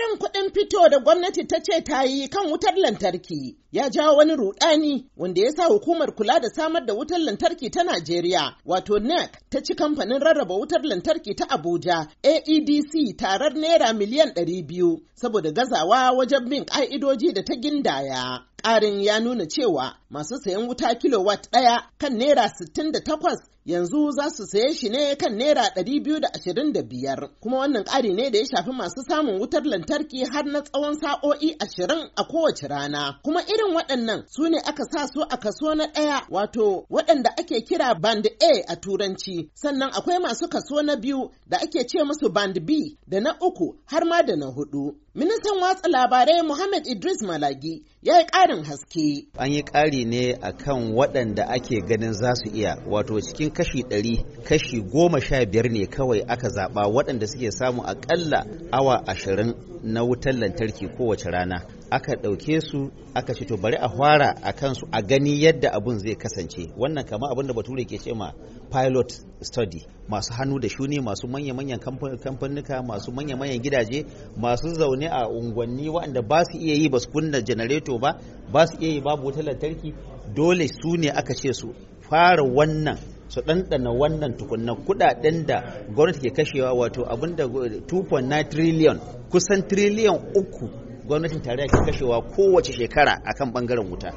Karin kuɗin fito da gwamnati ta ce ta yi kan wutar lantarki ya jawo wani rudani wanda ya sa hukumar kula da samar da wutar lantarki ta Najeriya wato NEC ta ci kamfanin rarraba wutar lantarki ta Abuja AEDC tarar naira miliyan ɗari biyu, saboda gazawa wajen bin ƙa'idoji da ta gindaya. Ƙarin ya nuna cewa masu sayan wuta kilowatt ɗaya kan naira 68 yanzu za su saye shi ne kan naira biyar. kuma wannan ƙari ne da ya shafi masu samun wutar lantarki har har na tsawon sa'o'i ashirin a kowace rana. Kuma irin waɗannan su ne aka sa su a kaso na ɗaya wato waɗanda ake kira band A a turanci. Sannan akwai masu kaso na biyu da ake ce musu band B da na uku har ma da na hudu. Ministan watsa labarai Muhammad Idris Malagi ya yi ƙarin haske. An yi ƙari ne a kan waɗanda ake ganin za su iya, wato cikin kashi ɗari, kashi goma sha biyar ne kawai aka zaɓa waɗanda suke samu aƙalla awa ashirin na wutar lantarki kowace rana aka ɗauke su aka ce to bari a fara a kansu a gani yadda abun zai kasance wannan kama abin da bature ke ce ma pilot study masu hannu da shuni masu manya-manyan kamfanuka masu manya-manyan gidaje masu zaune a unguwanni waɗanda ba su iya yi ba su kunna janareto ba ba su iya yi babu wutar lantarki dole su ne aka ce su fara wannan su ɗanɗana wannan tukunan kudaden da gwamnati ke kashewa wato abin da 2.9 trillion kusan trillion uku gwamnatin tarayya ke kashewa kowace shekara akan bangaren wuta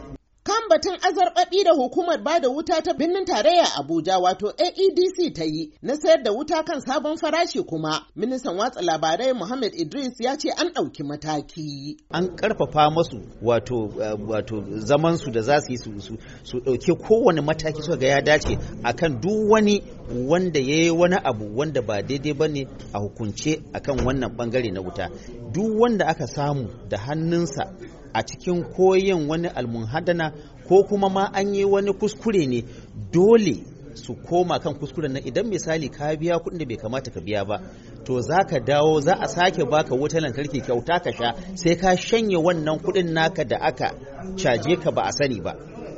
batun azarɓabi da hukumar ba da wuta ta birnin tarayya Abuja wato AEDC ta yi na sayar da wuta kan sabon farashi kuma ministan watsa labarai Muhammad Idris ya ce an ɗauki mataki. An ƙarfafa masu wato eh, wato zaman su da za su yi su su ɗauki kowane mataki suka ga ya dace akan duk wani wanda ya yi wani abu wanda ba daidai ba ne a hukunce akan wannan bangare na wuta duk wanda aka samu da hannunsa a cikin koyon wani almunhadana ko kuma ma an yi wani kuskure ne dole su koma kan kuskuren nan idan misali ka biya kuɗin da bai kamata ka biya ba to za ka dawo za a sake baka wutar lantarki kyauta ka sha sai ka shanye wannan kuɗin naka da aka caje ka ba a sani ba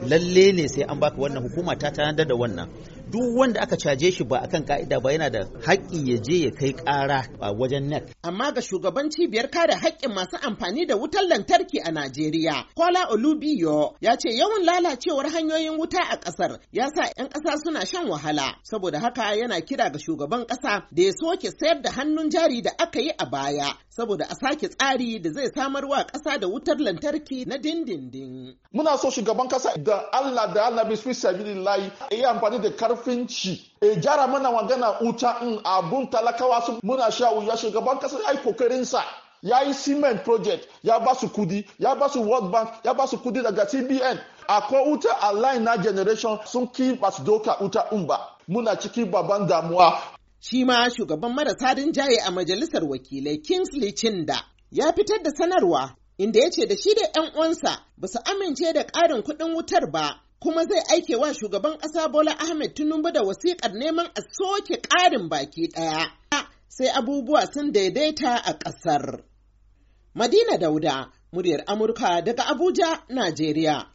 lalle ne sai an baka wannan hukuma ta tanadar da wannan duk wanda aka caje shi ba akan ka'ida ba yana da haƙƙi ya je ya kai ƙara a wajen NEC. Amma ga shugaban cibiyar kare haƙƙin masu amfani da wutar lantarki a Najeriya, Kola Olubiyo ya ce yawan lalacewar hanyoyin wuta a ƙasar ya sa 'yan ƙasa suna shan wahala. Saboda haka yana kira ga shugaban ƙasa da ya soke sayar da hannun jari da aka yi a baya, saboda a sake tsari da zai samar wa ƙasa da wutar lantarki na dindindin. Muna so shugaban ƙasa da Allah da Allah bisbi sabilillahi ya amfani da kar karfinci e jara mana magana wuta in abun talakawa su muna sha wuya shugaban kasar ai kokarinsa ya yi cement project ya ba su kudi ya ba su world bank ya ba su kudi daga cbn akwai wuta a line na generation sun ki ba doka wuta in ba muna cikin babban damuwa shi ma shugaban marasa rinjaye a majalisar wakilai kingsley chinda ya fitar da sanarwa inda ya ce da shi da 'yan uwansa ba su amince da ƙarin kuɗin wutar ba kuma zai aike wa shugaban ƙasa Bola Ahmed Tinubu da wasiƙar neman a soke ƙarin baki ɗaya. Sai abubuwa sun daidaita a ƙasar. Madina Dauda, muryar Amurka daga Abuja, Najeriya.